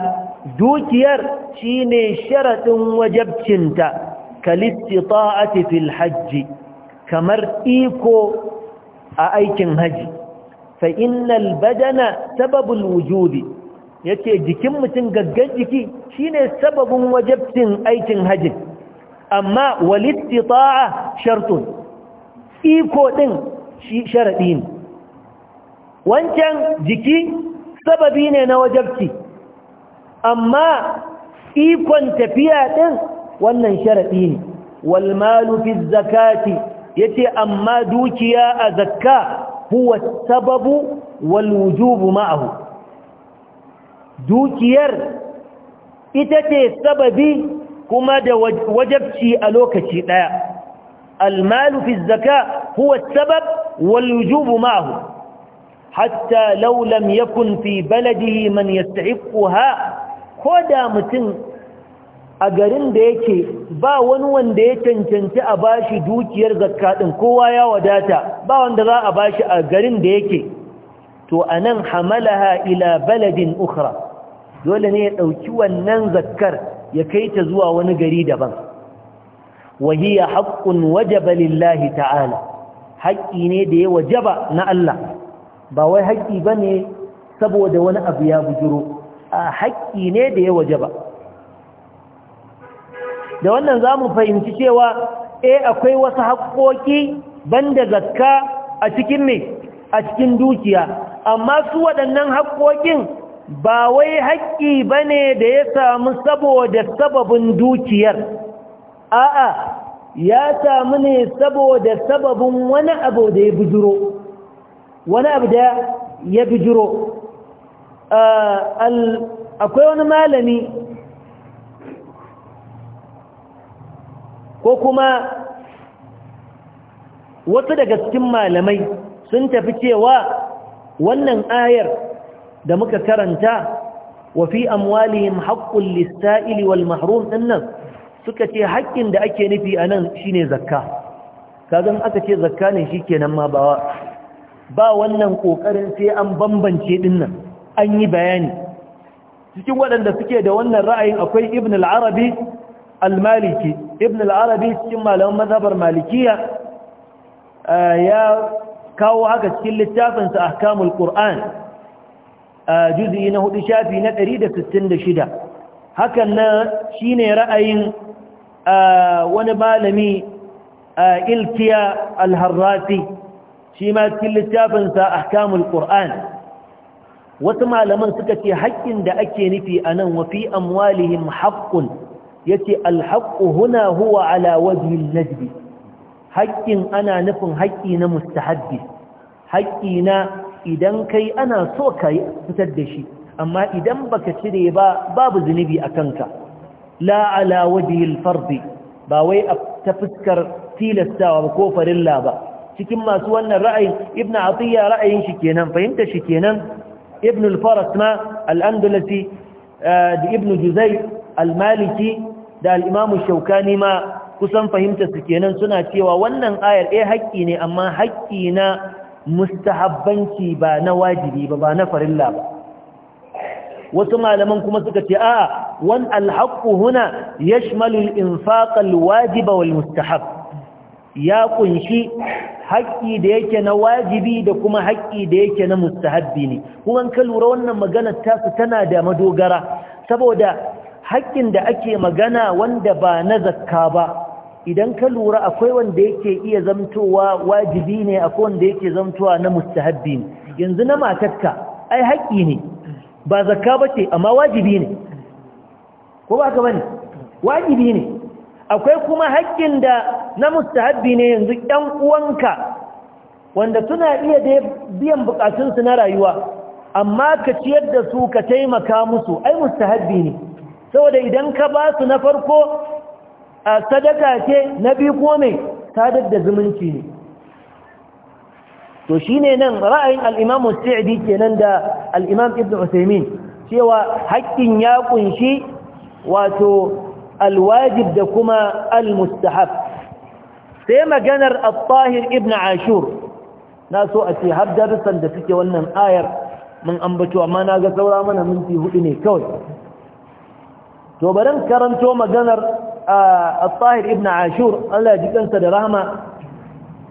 dukiyar shine sharadin wajabcinta kalistita'ati fil hajji kamar iko a aikin haji fa innal badana sababul wujudi yace jikin mutum gaggan jiki shine sababin wajibtin aikin haji amma walistita'a shartun iko din shi sharadi ne wancan jiki sababi ne na wajibti amma ikon tafiya din wannan sharadi ne wal malu fi zakati yace amma dukiya a zakka huwa sababu wal wujubu dukiyar ita ce sababi kuma da wajabci a lokaci ɗaya al malu fi zakka sabab wal wujubu ma'ahu hatta law lam yakun fi baladihi man yasta'iqha ko da mutum a garin da yake ba wani wanda ya cancanci a bashi dukiyar zakka kowa ya wadata ba wanda za a bashi a garin da yake to anan hamalaha ila baladin ukhra dole ne ya ɗauki wannan zakkar ya kai ta zuwa wani gari daban wahiya haqqun wajaba lillahi ta'ala haƙƙi ne da ya wajaba na Allah ba wai haƙƙi bane saboda wani abu ya bujuro a haƙƙi ne da ya wajaba da wannan za mu fahimci cewa e akwai wasu haƙoƙi banda zakka a cikin ne a cikin dukiya amma su waɗannan haƙoƙin ba wai haƙƙi ba da ya samu saboda sababin dukiyar a'a ya samu ne saboda sababin wani abu da ya bujiro wani abu da ya bijiro ah, akwai wani malami ko kuma wasu daga cikin malamai sun tafi cewa wannan ayar da muka karanta wa fi amwalihim haqqul lis-sa'ili wal mahrum dinnan suka ce haƙƙin da ake nufi anan shine zakka kaga aka ce zakka ne shikenan ma ba ba wannan kokarin sai an bambance dinnan an yi bayani cikin waɗanda suke da wannan ra'ayin akwai ibn al-arabi al-maliki ibn arabi cikin malaman mazhabar malikiya eh, ya kawo haka cikin littafinsa ahkamul qur'an eh, juz'i na hudu shafi na 166 hakan na shine ra'ayin eh, wani malami ilkiya alharrafi shi ma cikin littafinsa ahkamul ƙuran wasu malaman suka ce haƙƙin da ake nufi a nan wafi amwalihim haƙƙun yace alhaqqu huna huwa ala wajhi al haqqin ana nufin haqqi na mustahabbi haqqi na idan kai ana so ka fitar da shi amma idan baka cire ba babu zunubi a ka la ala wajhi al ba wai ta fuskar tilastawa ba ko farilla ba cikin masu wannan ra'ayin ibn atiyya ra'ayin shi kenan fahimta shi kenan ibn al ma al-andalusi eh, da ibn juzay al-maliki da al'imamu shaukani ma kusan fahimta su kenan suna cewa wannan ayar eh haƙƙi ne amma haƙƙi na mustahabbanci ba na wajibi ba ba na farilla ba wasu malaman kuma suka ce a wan alhaƙu huna yashmalu al-infaq al wal mustahab ya kunshi haƙƙi da yake na wajibi da kuma haƙƙi da yake na mustahabbi ne kuma kan lura wannan maganar tasu su tana da madogara saboda haƙƙin da ake magana wanda ba na zakka ba idan ka lura akwai wanda yake iya zamtowa wajibi ne akwai wanda yake zamtowa na mustahabbi ne yanzu na matarka ai haƙƙi ne ba zakka ba ce amma wajibi ne ko ba ka bane wajibi ne akwai kuma haƙƙin da na mustahabbi ne yanzu ɗan uwanka wanda suna iya da biyan bukatunsu na rayuwa amma ka ciyar da su ka taimaka musu ai mustahabbi ne saboda idan ka ba su na farko a sadaka ce na biyu ko mai sadar da zumunci ne to shine nan ra'ayin al'imam imam Sa'di kenan da al-Imam Ibn Uthaymeen cewa haƙƙin ya kunshi wato alwajib da kuma al-mustahab sai maganar At-Tahir Ibn Ashur na so a ce har darussan da suke wannan ayar mun ambato amma na ga saura mana minti hudu ne kawai to karanto maganar al-tahir ibn ashur Allah ya ji kansa da rahama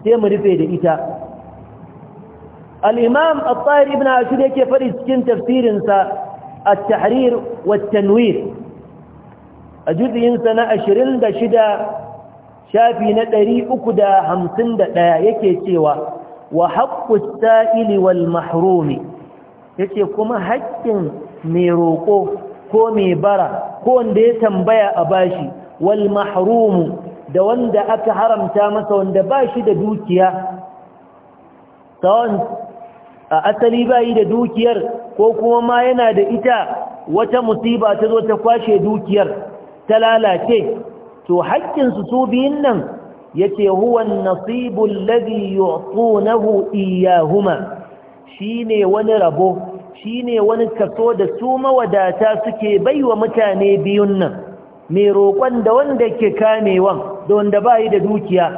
sai mu rufe da ita al-imam al-tahir ibn ashur yake fadi cikin tafsirin sa at-tahrir wat-tanwir a juz'in sa na 26 shafi na 351 yake cewa wa haqqus sa'ili wal mahrumi yace kuma haƙƙin mai roƙo ko mai bara ko wanda ya tambaya a bashi wal mahrumu da wanda aka haramta masa wanda bashi da dukiya kawon a asali bayi da dukiyar ko kuma ma yana da ita wata musiba ta zo ta kwashe dukiyar ta lalace to haƙƙin su biyun nan ya ce huwan nasibun labi yu'tunahu iyahuma shi wani rabo Shi ne wani kaso da su mawadata suke baiwa mutane biyun nan mai roƙon da wanda ke kamewan da wanda bayi da dukiya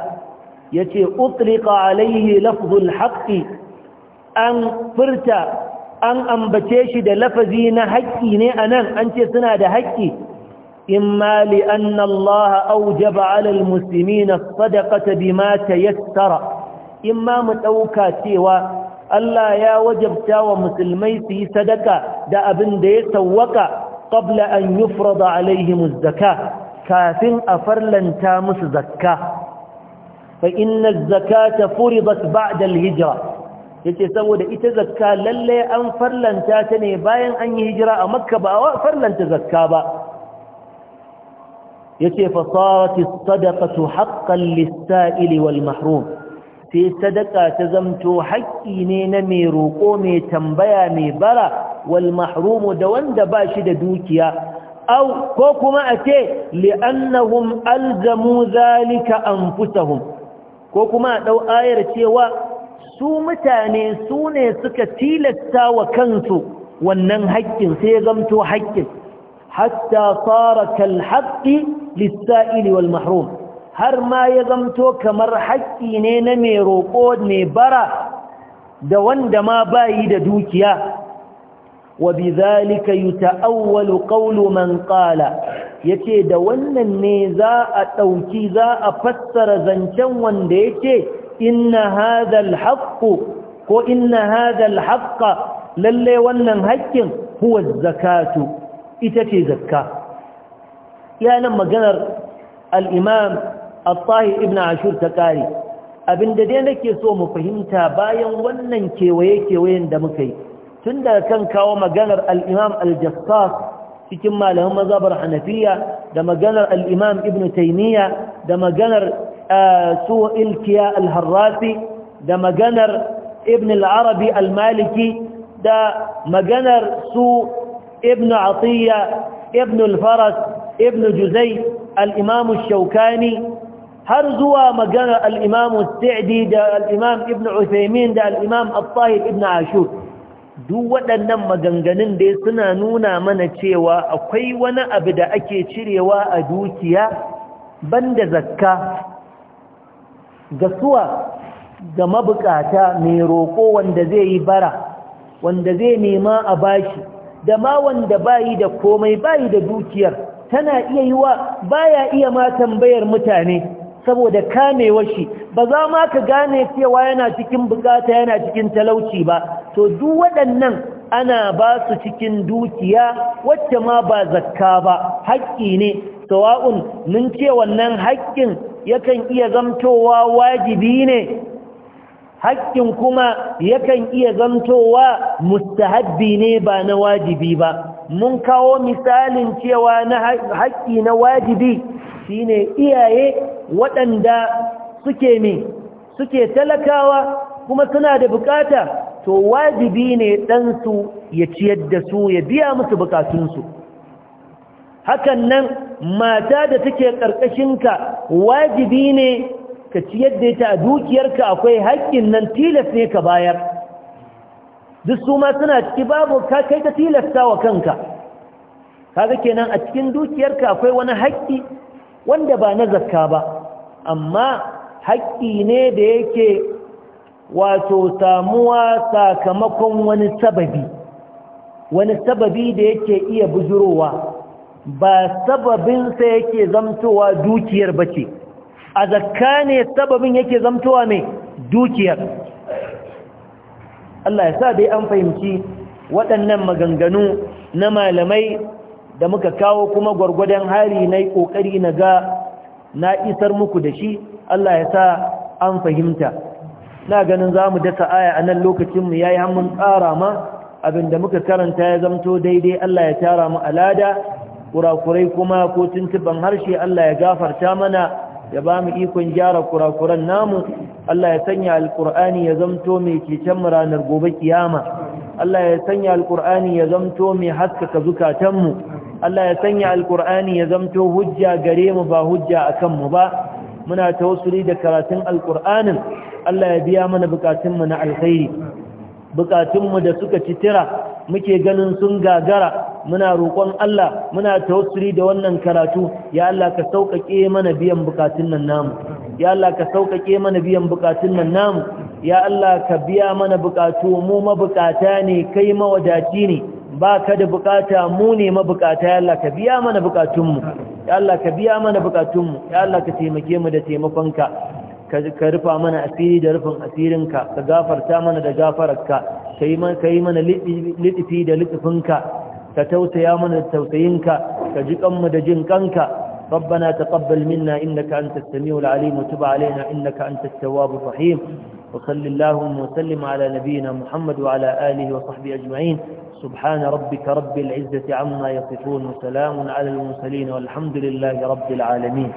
yace utriqa alaihi lafzul haƙƙi an furta an ambace shi da lafazi na haƙƙi ne anan an ce suna da haƙƙi إما لأن الله أوجب على المسلمين الصدقة in ma mu ɗauka cewa. Allah ya wajabta wa musulmai su yi sadaka da abin da ya sawwaka qabla an yufrada alaihim zakka kafin a farlanta musu zakka fa inna zakata furidat ba'da al yace saboda ita zakka lalle an farlanta ta ne bayan an yi hijira a makka ba a farlanta zakka ba yace fa sarat as-sadaqatu haqqan lis-sa'ili wal-mahrum sai sadaka ta zamto haƙƙi ne na mai roƙo mai tambaya mai bara wal mahrumu da wanda ba shi da dukiya ko kuma a ce li'annahum alzamu zalika anfusahum ko kuma a ɗau ayar cewa su mutane su ne suka tilasta wa kansu wannan haƙƙin sai zamto haƙƙin hatta fara kan haƙƙi lissa'ili wal mahrum har ma ya zamto kamar haƙƙi ne na mai roƙo mai bara da wanda ma bayi da dukiya wa bi zalika yuta'awwalu qawlu man qala yace da wannan ne za a dauki za a fassara zancen wanda yace inna hadha al ko inna hadha al lalle wannan haƙƙin huwa zakatu ita ce zakka ya nan maganar al-imam al-tahir ibn ashur ta kare abinda dai nake so mu fahimta bayan wannan kewaye kewayen da muka yi tun da kan kawo maganar al-imam al-jassas cikin malaman mazhabar hanafiya da maganar al-imam ibn taymiya da maganar eh, su ilkiya al-harrafi da maganar ibn al-arabi al-maliki da maganar su ibn atiya ibn al-faras ibn juzai al-imam al-shawkani har zuwa magana al'imamu sa'adi da al'imam ibn Uthaymin da al'imam al ibn ashur duk waɗannan maganganun dai suna nuna mana cewa akwai wani abu da ake cirewa a dukiya banda zakka ga suwa ga mabukata mai roƙo wanda zai yi bara wanda zai nema a bashi da ma wanda bayi da komai bayi da dukiyar tana iya yi wa baya iya ma tambayar mutane saboda kamewar shi ba za ma ka gane cewa yana cikin bukata yana cikin talauci ba to duk waɗannan ana ba su cikin dukiya wacce ma ba zakka ba haƙƙi ne sawa'un mun ce wannan haƙƙin yakan iya zamtowa wajibi ne haƙƙin kuma yakan iya zamtowa mustahabbi ne ba na wajibi ba mun kawo misalin cewa na haƙƙi na wajibi shine iyaye waɗanda suke suke talakawa kuma suna da bukata to wajibi ne ɗansu ya ciyar da su ya biya musu bukatunsu hakan nan mata da take ƙarƙashinka wajibi ne ka ciyar da ta a dukiyarka akwai haƙƙin nan tilas ne ka bayar duk su ma suna ciki babu ka kai ka tilasta wa kanka kaga kenan a cikin dukiyarka akwai wani haƙƙi wanda ba na zakka ba amma haƙƙi ne da yake wato samuwa sakamakon wani sababi wani sababi da yake iya bujurowa ba sababinsa yake zamtowa dukiyar ba ce a zakka ne sababin yake zamtowa mai dukiyar Allah ya sa dai an fahimci waɗannan maganganu na malamai da muka kawo kuma gwargwadon hari na yi ƙoƙari na ga na isar muku da shi Allah ya sa an fahimta na ganin za mu dasa aya a nan lokacinmu ya yi hannun tsara ma abinda muka karanta ya zamto daidai Allah ya tara mu alada kurakurai kuma ko tuntuban harshe Allah ya gafarta mana ya ba mu ikon gyara kurakuran namu Allah ya sanya alkur'ani ya zamto mai cecen ranar gobe kiyama Allah ya sanya alkur'ani ya zamto mai haskaka zukatanmu Allah ya sanya alkur'ani ya zamto hujja gare mu ba hujja a kanmu ba muna tausuri da karatun alkur'anin Allah ya biya mana bukatunmu na alkhairi bukatunmu da suka ci tira muke ganin sun gagara muna roƙon Allah muna tausuri da wannan karatu ya Allah ka sauƙaƙe mana biyan bukatun nan namu ya Allah ka sauƙaƙe mana biyan bukatun nan namu ya Allah ka biya mana bukatu mu mabukata ne kai mawadaci ne ba ka da bukata mu ne mabukata ya Allah ka biya mana bukatunmu ya Allah ka biya mana bukatunmu ya Allah ka taimake mu da taimakonka ka rufa mana asiri da rufin asirinka ka gafarta mana da gafararka ka yi mana litifi da litifinka ka tausaya mana da tausayinka ka ji kanmu da jin kanka ربنا تقبل منا إنك أنت السميع العليم وتب علينا إنك أنت التواب الرحيم وصل اللهم وسلم على نبينا محمد وعلى آله وصحبه أجمعين سبحان ربك رب العزة عما يصفون وسلام على المرسلين والحمد لله رب العالمين